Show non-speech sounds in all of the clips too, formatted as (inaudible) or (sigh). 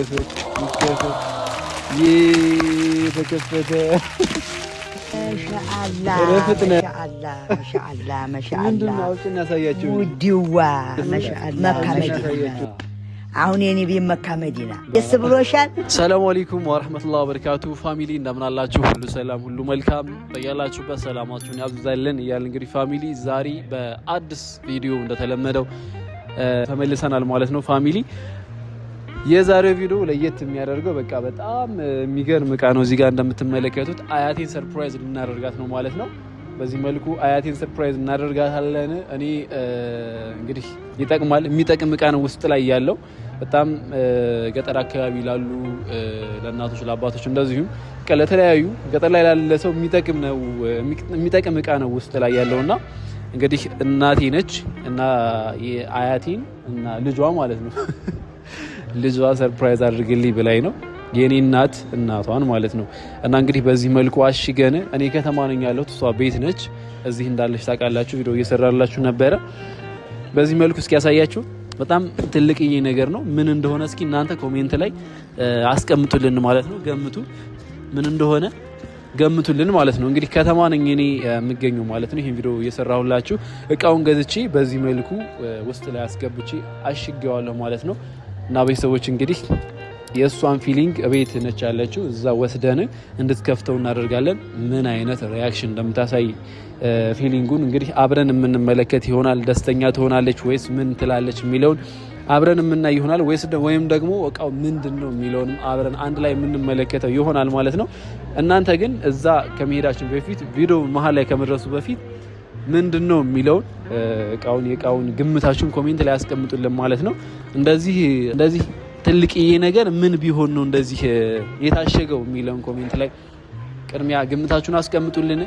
የተከፈተ አሁን የኔ ቤት መካ መዲና ደስ ብሎሻል። ሰላም አለይኩም ወራህመቱላሂ ወበረካቱ ፋሚሊ እንደምናላችሁ፣ ሁሉ ሰላም፣ ሁሉ መልካም በያላችሁበት ሰላማችሁን ያብዛልን እያል እንግዲህ ፋሚሊ ዛሬ በአዲስ ቪዲዮ እንደተለመደው ተመልሰናል ማለት ነው ፋሚሊ የዛሬው ቪዲዮ ለየት የሚያደርገው በቃ በጣም የሚገርም እቃ ነው። እዚህ ጋር እንደምትመለከቱት አያቴን ሰርፕራይዝ ልናደርጋት ነው ማለት ነው። በዚህ መልኩ አያቴን ሰርፕራይዝ እናደርጋታለን። እኔ እንግዲህ ይጠቅማል፣ የሚጠቅም እቃ ነው ውስጥ ላይ ያለው። በጣም ገጠር አካባቢ ላሉ ለእናቶች ለአባቶች፣ እንደዚሁም ለተለያዩ ገጠር ላይ ላለ ሰው የሚጠቅም እቃ ነው ውስጥ ላይ ያለው እና እንግዲህ እናቴ ነች እና አያቴን እና ልጇ ማለት ነው (laughs) ልጇ ሰርፕራይዝ አድርግልኝ ብላይ ነው የኔ እናት እናቷን ማለት ነው። እና እንግዲህ በዚህ መልኩ አሽገን እኔ ከተማ ነኝ ያለሁት እሷ ቤት ነች። እዚህ እንዳለች ታውቃላችሁ፣ ቪዲዮ እየሰራላችሁ ነበረ። በዚህ መልኩ እስኪ ያሳያችሁ። በጣም ትልቅዬ ነገር ነው። ምን እንደሆነ እስኪ እናንተ ኮሜንት ላይ አስቀምጡልን ማለት ነው። ገምቱ፣ ምን እንደሆነ ገምቱልን ማለት ነው። እንግዲህ ከተማ ነኝ እኔ የምገኘው ማለት ነው። ይህን ቪዲዮ እየሰራሁላችሁ እቃውን ገዝቼ በዚህ መልኩ ውስጥ ላይ አስገብቼ አሽጌዋለሁ ማለት ነው። እና ቤተሰቦች እንግዲህ የእሷን ፊሊንግ እቤት ነች ያለችው፣ እዛ ወስደን እንድትከፍተው እናደርጋለን። ምን አይነት ሪያክሽን እንደምታሳይ ፊሊንጉን እንግዲህ አብረን የምንመለከት ይሆናል። ደስተኛ ትሆናለች ወይስ ምን ትላለች የሚለውን አብረን የምናይ ይሆናል። ወይም ደግሞ እቃው ምንድን ነው የሚለውን አብረን አንድ ላይ የምንመለከተው ይሆናል ማለት ነው። እናንተ ግን እዛ ከመሄዳችን በፊት ቪዲዮ መሀል ላይ ከመድረሱ በፊት ምንድን ነው የሚለውን እቃውን የእቃውን ግምታችሁን ኮሜንት ላይ ያስቀምጡልን ማለት ነው። እንደዚህ እንደዚህ ትልቅዬ ነገር ምን ቢሆን ነው እንደዚህ የታሸገው የሚለውን ኮሜንት ላይ ቅድሚያ ግምታችሁን አስቀምጡልን።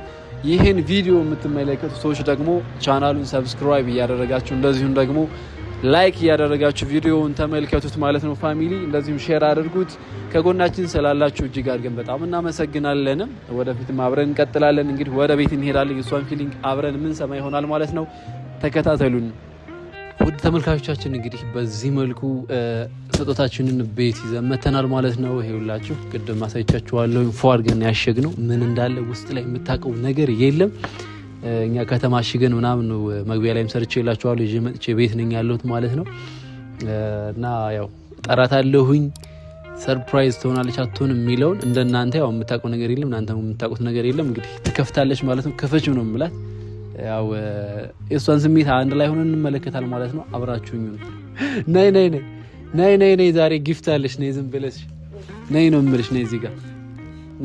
ይህን ቪዲዮ የምትመለከቱ ሰዎች ደግሞ ቻናሉን ሰብስክራይብ እያደረጋችሁ እንደዚሁም ደግሞ ላይክ እያደረጋችሁ ቪዲዮውን ተመልከቱት ማለት ነው ፋሚሊ። እንደዚሁም ሼር አድርጉት። ከጎናችን ስላላችሁ እጅግ አድርገን በጣም እናመሰግናለንም። ወደፊትም አብረን እንቀጥላለን። እንግዲህ ወደ ቤት እንሄዳለን። የእሷን ፊሊንግ አብረን ምን ሰማ ይሆናል ማለት ነው። ተከታተሉን ውድ ተመልካቾቻችን። እንግዲህ በዚህ መልኩ ስጦታችንን ቤት ይዘን መተናል ማለት ነው። ሁላችሁ ቅድም አሳይቻችኋለሁ። ፎ አድርገን ያሸግ ነው ምን እንዳለ ውስጥ ላይ የምታውቀው ነገር የለም እኛ ከተማ አሽገን ምናምን መግቢያ ላይም ሰርቼ የላችኋለሁ ይዤ መጥቼ ቤት ነኝ ያለሁት ማለት ነው። እና ያው ጠራት አለሁኝ ሰርፕራይዝ ትሆናለች አትሆን የሚለውን እንደናንተ ያው የምታውቀው ነገር የለም እናንተ የምታውቁት ነገር የለም። እንግዲህ ትከፍታለች ማለት ነው። ክፈችም ነው የምላት ያው የእሷን ስሜት አንድ ላይ ሆነን እንመለከታል ማለት ነው። አብራችሁኝ ነይ ነይ ነይ ነይ ነይ ነይ ዛሬ ጊፍት አለች። ነይ ዝም ብለሽ ነይ ነው የምልሽ ነይ እዚህ ጋር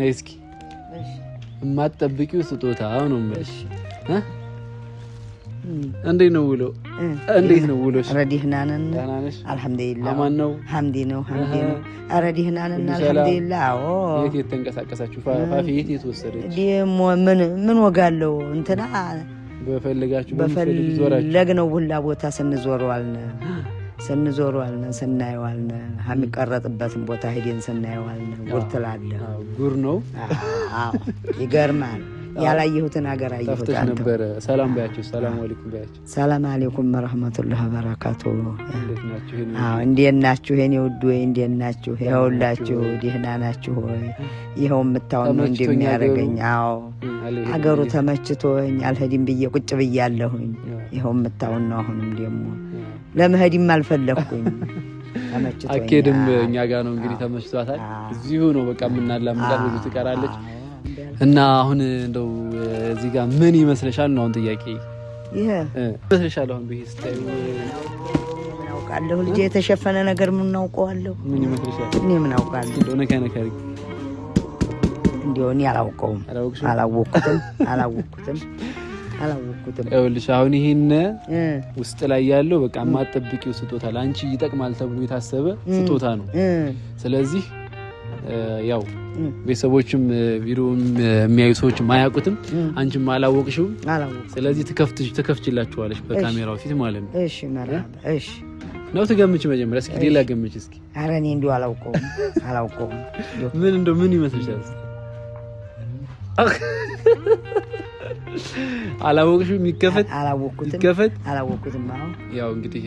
ነይ እስኪ የማትጠብቂው ስጦታ ነው የምልሽ እንዴት ነው ውሎ? እንዴት ነው ውሎ? ኧረ ደህና ነን አልሐምዱሊላህ። አማን ነው ሐምዲ ነው ሐምዲ ነው። ኧረ ደህና ነን አልሐምዱሊላህ። አዎ የት የት ተንቀሳቀሳችሁ? ፋፊ የት የት ወሰደች? ደሞ ምን ምን ወጋለው እንትና በፈልጋችሁ በፈለጋችሁ በፈለግነው ሁላ ቦታ ስንዞረዋልነ ስንዞረዋልነ ስናየዋልነ የሚቀረጥበትን ቦታ ሄደን ስናየዋልነ ጉር ትላለህ። ጉር ነው ይገርማል። ያላየሁትን ሀገር አየሁት ነበረ። ሰላም በያቸው፣ ሰላም አለይኩም በያቸው። ሰላም አለይኩም ወረህመቱላህ በረካቱ። እንዴት ናችሁ የኔ ውድ ወይ? እንዴት ናችሁ? ይኸውላችሁ ደህና ናችሁ ወይ? ይኸው የምታውን ነው እንደሚያደርገኝ። አዎ አገሩ ተመችቶኝ አልሄድም ብዬ ቁጭ ብያለሁኝ። ይኸው የምታውን ነው። አሁንም ደግሞ ለመሄድም አልፈለግኩኝ (laughs) አኬድም እኛ ጋር ነው እንግዲህ ተመችቷታል። እዚሁ ነው በቃ የምናላምዳ ብዙ ትቀራለች። እና አሁን እንደው እዚህ ጋር ምን ይመስለሻል ነው አሁን ጥያቄ ይሄ ይመስለሻል? አሁን ብሄ ስታዩ አውቃለሁ ልጄ የተሸፈነ ነገር ምን አውቀዋለሁ? ምን ይመስለሻል? እኔ ምን አውቃለሁ? እንደው ነካ ነካ አድርጊ። እንደው እኔ አላውቀውም፣ አላወቅኩትም፣ (laughs) አላወቅኩትም፣ አላወቅኩትም። ይኸውልሽ አሁን ይሄን ውስጥ ላይ ያለው በቃ የማትጠብቂው ስጦታ ለአንቺ ይጠቅማል ተብሎ የታሰበ ስጦታ ነው። ስለዚህ ያው ቤተሰቦችም ቪዲዮም የሚያዩ ሰዎች ማያውቁትም አንቺም አላወቅሽውም። ስለዚህ ትከፍችላችኋለች በካሜራው ፊት ማለት ነው። እሺ እሺ ነው ትገምች። መጀመሪያ እስኪ ሌላ ገምች እስኪ። ኧረ እኔ እንዲሁ አላውቀውም አላውቀውም። (laughs) ምን እንደው ምን ይመስልሻል? አላወቅሽም? ይከፈት ይከፈት አላወቅኩትም። ያው እንግዲህ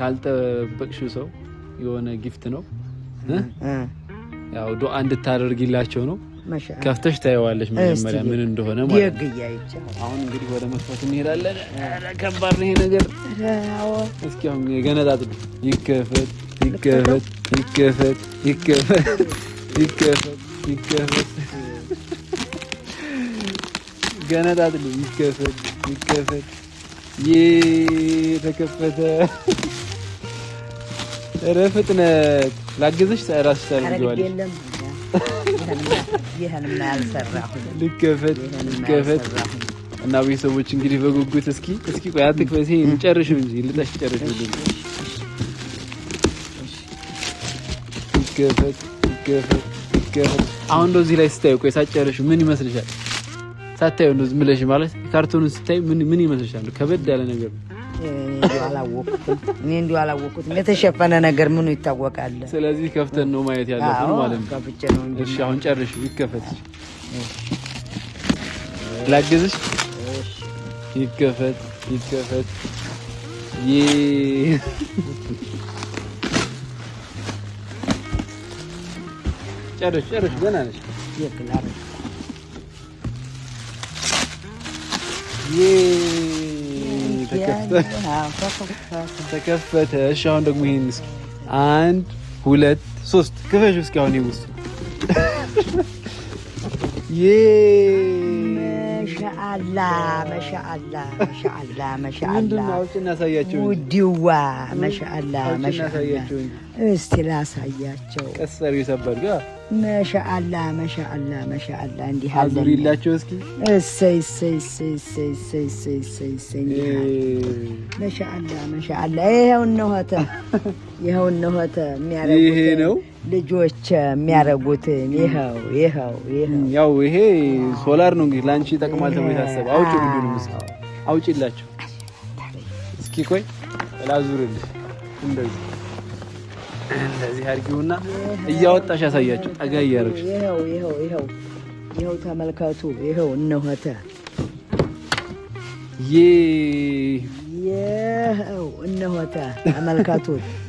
ካልጠበቅሽው ሰው የሆነ ጊፍት ነው ያው ዱዓ እንድታደርግላቸው ነው። ከፍተሽ ታየዋለች መጀመሪያ ምን እንደሆነ ማለት ነው። አሁን እንግዲህ ወደ መክፈት እንሄዳለን። ከባድ ነው ይሄ ነገር። እስኪ አሁን የገነጣት ይከፈት ይከፈት ይከፈት ይከፈት ይከፈት ይከፈት ገነጣት ይከፈት ይከፈት ይህ ተከፈተ። ኧረ ፍጥነት ላግዝሽ ራስሽ ታደርጊዋለሽ። ልከፈት ልከፈት እና ቤተሰቦች እንግዲህ በጉጉት እስኪ እስኪ ቆይ አትክፈት፣ እንጨርሽ እንጂ ልጠሽ ጨርሽ ልከፈት ልከፈት ልከፈት። አሁን እንደዚህ ላይ ስታዩ ቆይ ሳጨርሽ ምን ይመስልሻል? ሳታዩ እንደዚህ ምለሽ ማለት ካርቶኑን ስታይ ምን ምን ይመስልሻል? ከበድ ያለ ነገር ነው። እኔ እንዲሁ አላወቅኩትም። የተሸፈነ ነገር ምኑ ይታወቃል። ስለዚህ ከፍተን ነው ማየት ያለብን ማለት ነው። እሺ አሁን ጨርሽ፣ ይከፈት። ላግዝሽ። ይከፈት፣ ይከፈት። ጨርሽ፣ ጨርሽ። ገና ነሽ። ይክላል ተከፈተ። እሺ አሁን ደግሞ ይሄን እስኪ አንድ ሁለት ሶስት ክፈሽ እስኪ አሁን ይውስጥ ይሄ (laughs) መሻአላ መሻአላ መሻአላ መሻአላ ውድዋ መሻአላ መሻአላ እስቲ ላሳያቸው። ቀሰሪ ሰበር መሻአላ መሻአላ መሻአላ እንዲህ አዙሪላቸው እስኪ መሻአላ መሻአላ ይኸው እነሆተ ይኸው እነሆተ የሚያደርጉት ይሄ ነው። ልጆች የሚያደርጉት ይኸው ይኸው ይኸው ያው ይሄ ሶላር ነው እንግዲህ ለአንቺ ይጠቅማል ተብሎ የታሰበ አውጪ ሁሉንም እስኪ አውጪላቸው እስኪ ቆይ ላዙርልህ እንደዚህ እንደዚህ አድርጊውና እያወጣሽ ያሳያቸው ጠጋ እያደረግሽ ይኸው ይኸው ይኸው ይኸው ተመልከቱ ይኸው እነሆተ ይኸው እነሆተ ተመልከቱ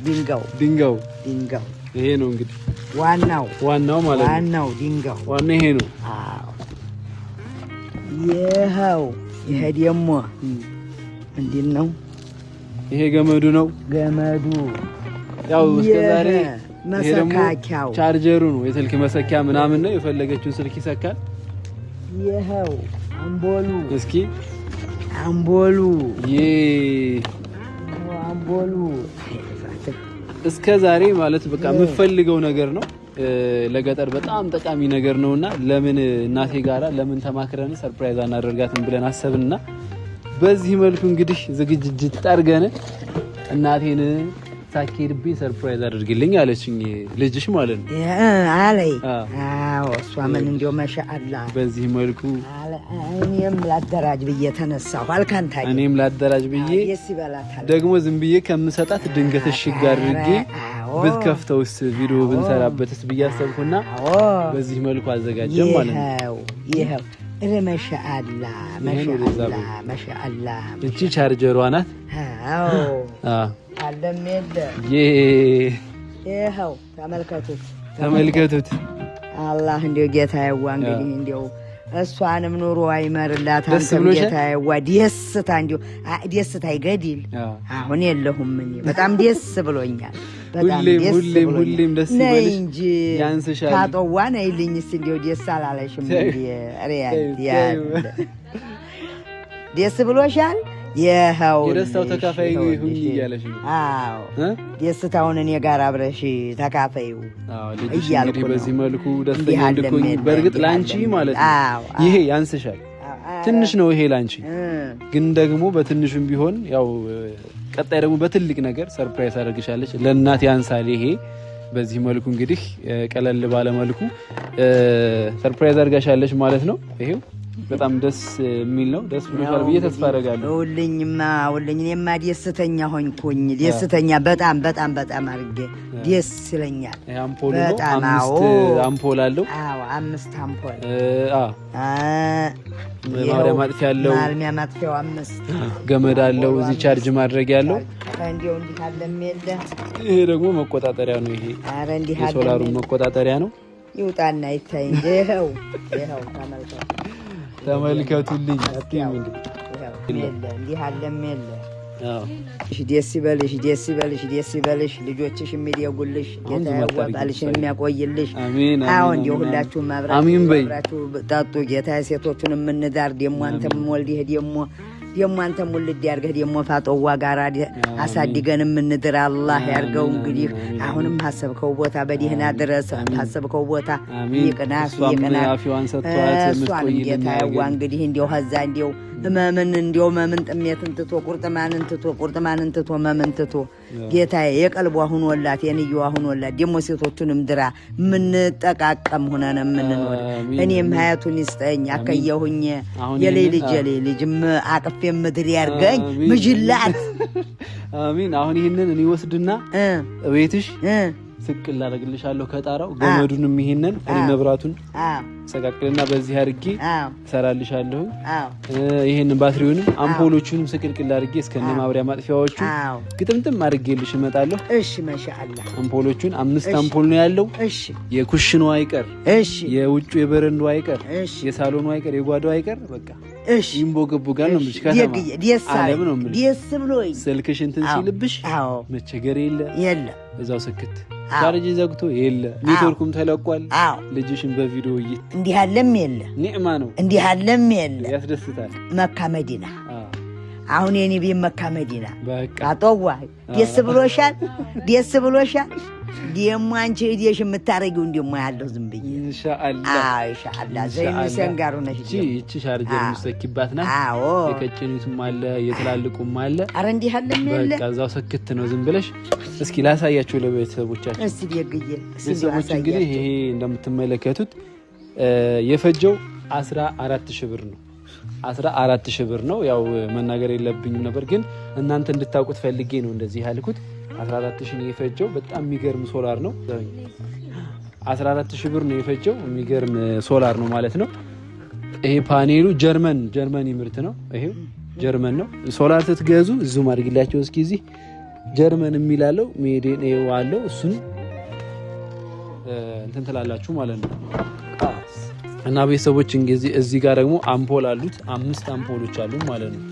ድንጋው ድንጋው ድንጋው ይሄ ነው እንግዲህ ዋናው ዋናው ማለት ነው። ዋናው ድንጋው ዋና ይሄ ነው። ይኸው። ይሄ ደግሞ ምንድን ነው? ይሄ ገመዱ ነው። ገመዱ ያው እስከ ዛሬ መሰካኪያው ቻርጀሩ ነው። የስልክ መሰኪያ ምናምን ነው። የፈለገችውን ስልክ ይሰካል። ይኸው አምቦሉ። እስኪ አምቦሉ ይሄ አምቦሉ እስከ ዛሬ ማለት በቃ የምፈልገው ነገር ነው። ለገጠር በጣም ጠቃሚ ነገር ነውና ለምን እናቴ ጋራ ለምን ተማክረን ሰርፕራይዝ አናደርጋትም ብለን አሰብንና በዚህ መልኩ እንግዲህ ዝግጅት አድርገን እናቴን ሳትሄድብኝ ሰርፕራይዝ አድርግልኝ አለችኝ። ልጅሽ ማለት ነው አለይ። አዎ እሷ ምን እንዲያው መሻአላ በዚህ መልኩ እኔም ላደራጅ ብዬ ተነሳሁ። አልካንታ እኔም ላደራጅ ብዬ ደግሞ ዝም ብዬ ከምሰጣት ድንገት እሺ አድርጌ ብትከፍተውስ ቪዲዮ ብንሰራበትስ ብዬ አሰብኩና በዚህ መልኩ አዘጋጀም ማለት ነው። እረ መሻአላ መሻአላ መሻአላ እቺ ቻርጀሯ ናት። አለም የለ ይኸው ተመልከቱት ተመልከቱት። አላህ እንዲው ጌታ የዋ እንግዲህ እንዲው እሷንም ኑሮ አይመርላት። አንተም ጌታ ዋ ደስታ እንዲ ደስታ አይገድል። አሁን የለሁም እኔ በጣም ደስ ብሎኛል። በጣም ደስ ብሎኛል። ነይ እንጂ ታጦዋ ነይልኝ እስኪ እንዲሁ ደስ አላለሽም? ሪያል ደስ ብሎሻል? የደስታው ተካፋይ ሁኝ እያለሽ ነው። ደስታውን እኔ ጋር አብረሽ ተካፋዩ እያልኩ በዚህ መልኩ ደስተኛ እንድኮኝ። በእርግጥ ላንቺ ማለት ነው ይሄ ያንስሻል፣ ትንሽ ነው ይሄ ላንቺ። ግን ደግሞ በትንሹም ቢሆን ያው ቀጣይ ደግሞ በትልቅ ነገር ሰርፕራይዝ አደርግሻለች። ለእናት ያንሳል ይሄ በዚህ መልኩ እንግዲህ ቀለል ባለ መልኩ ሰርፕራይዝ አድርጋሻለች ማለት ነው ይሄው በጣም ደስ የሚል ነው። ደስ ብሎሻል ብዬ ተስፋ አደርጋለሁ። ውልኝማ ውልኝ እኔማ ደስተኛ ሆንኩኝ። ደስተኛ በጣም በጣም በጣም አድርጌ ደስ ይለኛል። አምፖል አምፖል አለው አዎ አምስት አምፖል ማብሪያ ማጥፊያ አለው ማልሚያ ማጥፊያው አምስት ገመድ አለው እዚህ ቻርጅ ማድረግ ያለው እንዲሁ እንዲህ አለም የለ ይሄ ደግሞ መቆጣጠሪያ ነው። ይሄ አረ እንዲህ አለ የሶላሩን መቆጣጠሪያ ነው። ይውጣና ይታይ። ይኸው ይኸው ተመልከት ተመልከቱልኝ። እንዲህ አለም የለ ደስ ይበልሽ፣ ደስ ይበልሽ፣ ደስ ይበልሽ። ልጆችሽ የሚደጉልሽ ጌታ ያዋጣልሽን የሚያቆይልሽ። አሁን የሁላችሁም አብራችሁ ጠጡ። ጌታ ሴቶቹን የምንዳር ደግሞ አንተም ወልዲህ ደግሞ ደሞ አንተም ውልድ ያርገህ ደሞ ፋጦዋ ጋር አሳድገን የምንድር አላህ ያርገው። እንግዲህ አሁንም ሀሰብከው ቦታ በዲህና ድረስ ሀሰብከው ቦታ ይቅናት ይቅናት። እሷን እንዴት አያዋ እንግዲህ እንዲው ሀዛ እንዲው መምን እንዲው መምን ጥሜት እንትቶ ቁርጥማን እንትቶ ቁርጥማን እንትቶ መምን ትቶ ጌታዬ የቀልቧ የንዩ አሁን ሁኖላት ደግሞ ሴቶቹንም ድራ ምንጠቃቀም ሆነን የምንኖር እኔም ሀያቱን ይስጠኝ አከየሁኝ የሌ ልጅ የሌ ልጅ አቅፌ ምድር ያርገኝ ምጅላት አሚን። አሁን ይህንን እኔ ወስድና ቤትሽ ስቅል ላደርግልሻለሁ ከጣራው ገመዱንም ይሄንን መብራቱን ሰቃቅልና በዚህ አድርጌ እሰራልሻለሁ። ይሄንን ባትሪውንም አምፖሎቹንም ስቅልቅል አድርጌ እስከነ ማብሪያ ማጥፊያዎቹ ግጥምጥም አድርጌልሽ እመጣለሁ። እሺ፣ ማሻአላ አምፖሎቹን አምስት አምፖል ነው ያለው። እሺ፣ የኩሽኑ አይቀር፣ እሺ፣ የውጩ የበረንዱ አይቀር፣ እሺ፣ የሳሎኑ አይቀር፣ የጓዳው አይቀር በቃ እሺ ይምቦ ገቡ ጋር ነው የምልሽ። ከተማ አለም ነው የምልሽ። ስልክሽ እንትን ሲልብሽ መቸገር የለ የለ እዛው ስክት ቻርጅ ዘግቶ የለ ኔትወርኩም ተለቋል። ልጅሽን በቪዲዮ እይ እንዲህ አለም የለ ኒዕማ ነው እንዲህ አለም የለ ያስደስታል። መካ መዲና አሁን የኔ ቤት መካ መዲና አጦዋ ደስ ብሎሻል፣ (laughs) ደስ ብሎሻል። ደሞ አንቺ እዲሽ የምታረጊው እንደሞ ያለው ዝም ብዬ ጋር ሻርጀ የምትሰኪባት ናት። አዎ አለ የትላልቁም አለ። አረ እንዲህ በቃ እዛው ሰክት ነው ዝም ብለሽ። እስኪ ላሳያቸው ለቤተሰቦቻችሁ። እስኪ ደግዬ ቤተሰቦች እንግዲህ ይሄ እንደምትመለከቱት የፈጀው አስራ አራት ሺህ ብር ነው። አስራ አራት ሺህ ብር ነው። ያው መናገር የለብኝም ነበር ግን እናንተ እንድታውቁት ፈልጌ ነው እንደዚህ ያልኩት። 14 ሺህ ነው የፈጀው። በጣም የሚገርም ሶላር ነው። 14 ሺህ ብር ነው የፈጀው። የሚገርም ሶላር ነው ማለት ነው። ይሄ ፓኔሉ ጀርመን ጀርመን ምርት ነው። ይሄው ጀርመን ነው። ሶላር ስትገዙ ዙም አድርግላቸው እስኪ እዚህ ጀርመን የሚላለው ሜዴን አለው። እሱን እንትን ትላላችሁ ማለት ነው። እና ቤተሰቦች እንግዲህ እዚህ ጋር ደግሞ አምፖል አሉት። አምስት አምፖሎች አሉ ማለት ነው።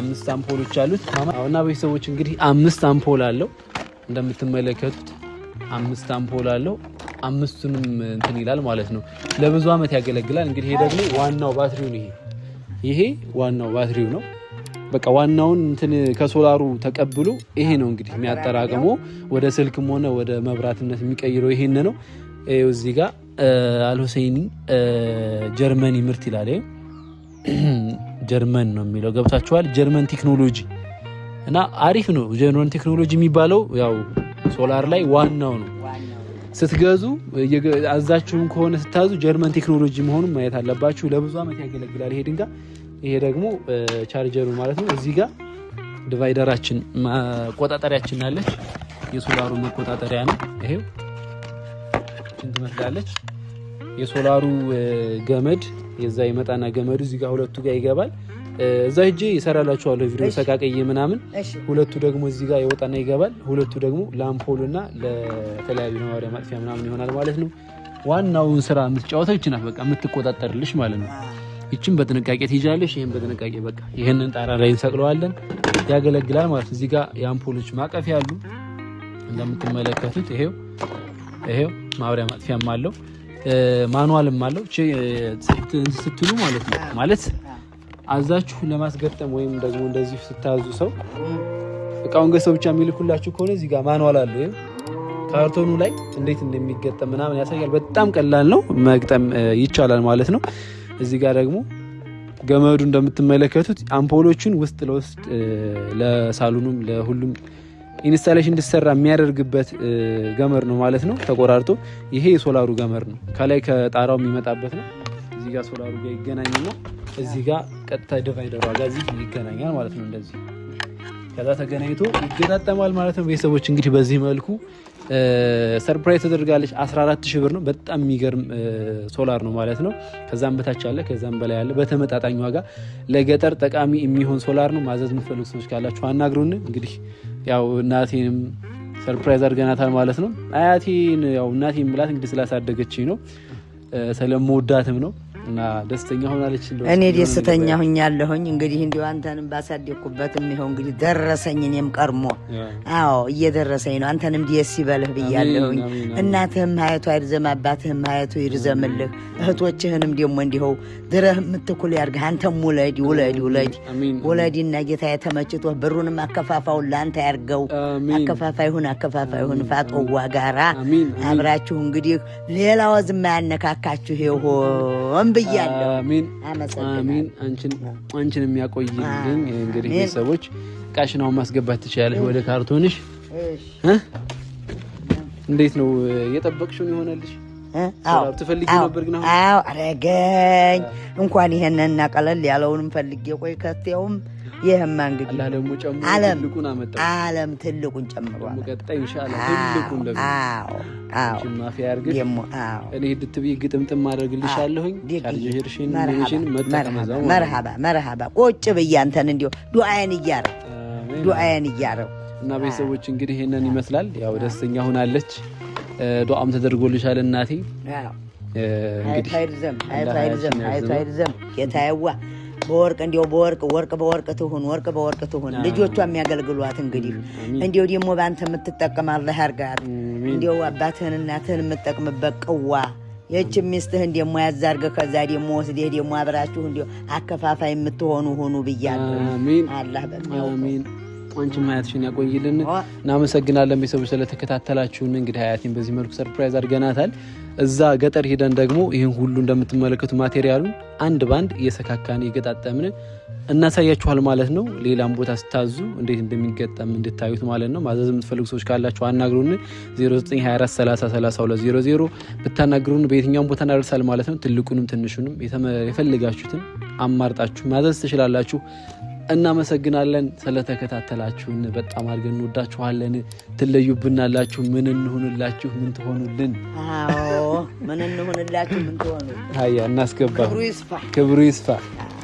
አምስት አምፖሎች አሉት። እና ቤተሰቦች እንግዲህ አምስት አምፖል አለው እንደምትመለከቱት አምስት አምፖል አለው። አምስቱንም እንትን ይላል ማለት ነው። ለብዙ አመት ያገለግላል። እንግዲህ ይሄ ደግሞ ዋናው ባትሪው ነው። ይሄ ዋናው ባትሪው ነው። በቃ ዋናውን እንትን ከሶላሩ ተቀብሎ ይሄ ነው እንግዲህ የሚያጠራቅሞ ወደ ስልክም ሆነ ወደ መብራትነት የሚቀይረው ይሄን ነው። እዚህ ጋር አልሁሴይኒ ጀርመኒ ምርት ይላል ጀርመን ነው የሚለው ገብታችኋል። ጀርመን ቴክኖሎጂ እና አሪፍ ነው። ጀርመን ቴክኖሎጂ የሚባለው ያው ሶላር ላይ ዋናው ነው። ስትገዙ አዛችሁም ከሆነ ስታዙ ጀርመን ቴክኖሎጂ መሆኑን ማየት አለባችሁ። ለብዙ ዓመት ያገለግላል ይሄ ድንጋ። ይሄ ደግሞ ቻርጀሩ ማለት ነው። እዚህ ጋር ዲቫይደራችን መቆጣጠሪያችን አለች። የሶላሩ መቆጣጠሪያ ነው። ይሄው ችን ትመስላለች የሶላሩ ገመድ የዛ ይመጣና ገመዱ እዚህ ጋር ሁለቱ ጋር ይገባል። እዛ ሂጄ ይሰራላችኋለሁ ቪዲዮ ሰቃቀዬ ምናምን። ሁለቱ ደግሞ እዚህ ጋር ይወጣና ይገባል። ሁለቱ ደግሞ ለአምፖል እና ለተለያዩ ነዋሪያ ማጥፊያ ምናምን ይሆናል ማለት ነው። ዋናውን ስራ የምትጫወተው ይች ናት፣ በቃ የምትቆጣጠርልሽ ማለት ነው። ይችን በጥንቃቄ ትይዣለሽ፣ ይህን በጥንቃቄ በቃ ይህንን ጣራ ላይ እንሰቅለዋለን። ያገለግላል ማለት እዚህ ጋር የአምፖሎች ማቀፊያ አሉ እንደምትመለከቱት። ይሄው ይሄው ማብሪያ ማጥፊያም አለው። ማኑዋልም አለው ስትሉ ማለት ነው። ማለት አዛችሁ ለማስገጠም ወይም ደግሞ እንደዚህ ስታዙ ሰው እቃውን ገሰው ብቻ የሚልኩላችሁ ከሆነ እዚህ ጋር ማኑዋል አለ ወይም ካርቶኑ ላይ እንዴት እንደሚገጠም ምናምን ያሳያል። በጣም ቀላል ነው፣ መግጠም ይቻላል ማለት ነው። እዚህ ጋር ደግሞ ገመዱ እንደምትመለከቱት አምፖሎቹን ውስጥ ለውስጥ ለሳሎኑም ለሁሉም ኢንስታሌሽን እንዲሰራ የሚያደርግበት ገመድ ነው ማለት ነው። ተቆራርጦ ይሄ የሶላሩ ገመድ ነው። ከላይ ከጣራው የሚመጣበት ነው። እዚህ ጋር ሶላሩ ጋር ይገናኝ ነው። እዚህ ጋር ቀጥታ ዲቫይደሩ ጋር እዚህ ይገናኛል ማለት ነው። እንደዚህ ከዛ ተገናኝቶ ይገጣጠማል ማለት ነው። ቤተሰቦች እንግዲህ በዚህ መልኩ ሰርፕራይዝ ተደርጋለች። 14 ሺህ ብር ነው። በጣም የሚገርም ሶላር ነው ማለት ነው። ከዛም በታች አለ፣ ከዛም በላይ አለ። በተመጣጣኝ ዋጋ ለገጠር ጠቃሚ የሚሆን ሶላር ነው። ማዘዝ የምትፈልጉ ሰዎች ካላችሁ አናግሩን። እንግዲህ ያው እናቴንም ሰርፕራይዝ አድርገናታል ማለት ነው። አያቴን ያው እናቴን ብላት እንግዲህ ስላሳደገችኝ ነው ስለምወዳትም ነው እና ደስተኛ ሆናለች። እኔ ደስተኛ ሁኛለሁኝ። እንግዲህ እንዲሁ አንተንም ባሳደግኩበትም ይኸው እንግዲህ ደረሰኝ እኔም ቀርሞ አዎ እየደረሰኝ ነው። አንተንም ደስ ይበልህ ብያለሁኝ። እናትህም ሀያቱ አይርዘም፣ አባትህም ሀያቱ ይርዘምልህ። እህቶችህንም ደግሞ እንዲኸው ድረህ የምትኩል ያድርግህ። አንተም ውለድ ውለድ ውለድ ውለድና ጌታ የተመችቶ ብሩንም አከፋፋውን ለአንተ ያርገው። አከፋፋይ ሁን። ፋጦዋ ጋራ አብራችሁ እንግዲህ ሌላ ወዝ የማያነካካችሁ ይሆን ብያለሁ። አሜን አሜን። አንቺን አንቺን የሚያቆይልን እንግዲህ ቤተሰቦች ቃሽናውን ማስገባት ትችላለሽ ወደ ካርቶንሽ። እንዴት ነው የጠበቅሽውን ይሆነልሽ? ትፈልጊ ነበር ግን አዎ አረገኝ። እንኳን ይሄንና ቀለል ያለውንም ፈልጌ ቆይ ከቴውም ይህማ እንግዲህ ዓለም ትልቁን ጨምሯል። እኔ ድት ብዬ ግጥምጥም አደርግልሻለሁኝ። መርሃባ ቁጭ ብዬ እንዲሁ ዱዓዬን እያረው ዱዓዬን እያረው እና ቤተሰቦች እንግዲህ ይሄንን ይመስላል። ያው ደስተኛ ሆናለች። ዱአም ተደርጎልሻል እናቴ። ጌታ ይዋ በወርቅ እንዲው በወርቅ ወርቅ በወርቅ ትሁን ወርቅ በወርቅ ትሁን ልጆቿ የሚያገልግሏት። እንግዲህ እንዲው ደግሞ በአንተ የምትጠቀም አላህ እንዲው አባትህን እናትህን የምትጠቅምበት ቅዋ የች ሚስትህ እንደሞ ያዛርገ ከዛ ደግሞ ወስደህ ደግሞ አብራችሁ እንዲ አከፋፋይ የምትሆኑ ሆኑ ብያለሁ። አላህ በሚያውቀው አንቺም ሀያትሽን ያቆይልን። እናመሰግናለን ቤተሰቦች ስለተከታተላችሁን። እንግዲህ ሀያቲን በዚህ መልኩ ሰርፕራይዝ አድርገናታል። እዛ ገጠር ሄደን ደግሞ ይህን ሁሉ እንደምትመለከቱ ማቴሪያሉን አንድ ባንድ እየሰካካን እየገጣጠምን እናሳያችኋል ማለት ነው። ሌላም ቦታ ስታዙ እንዴት እንደሚገጠም እንድታዩት ማለት ነው። ማዘዝ የምትፈልጉ ሰዎች ካላችሁ አናግሩን 0924303200 ብታናግሩን በየትኛውም ቦታ እናደርሳል ማለት ነው። ትልቁንም ትንሹንም የፈልጋችሁትን አማርጣችሁ ማዘዝ ትችላላችሁ። እናመሰግናለን። ስለተከታተላችሁን በጣም አድርገን እንወዳችኋለን። ትለዩብናላችሁ። ምን እንሆንላችሁ? ምን ትሆኑልን? ምን እንሆንላችሁ? ምን ትሆኑ? እናስገባ። ክብሩ ይስፋ።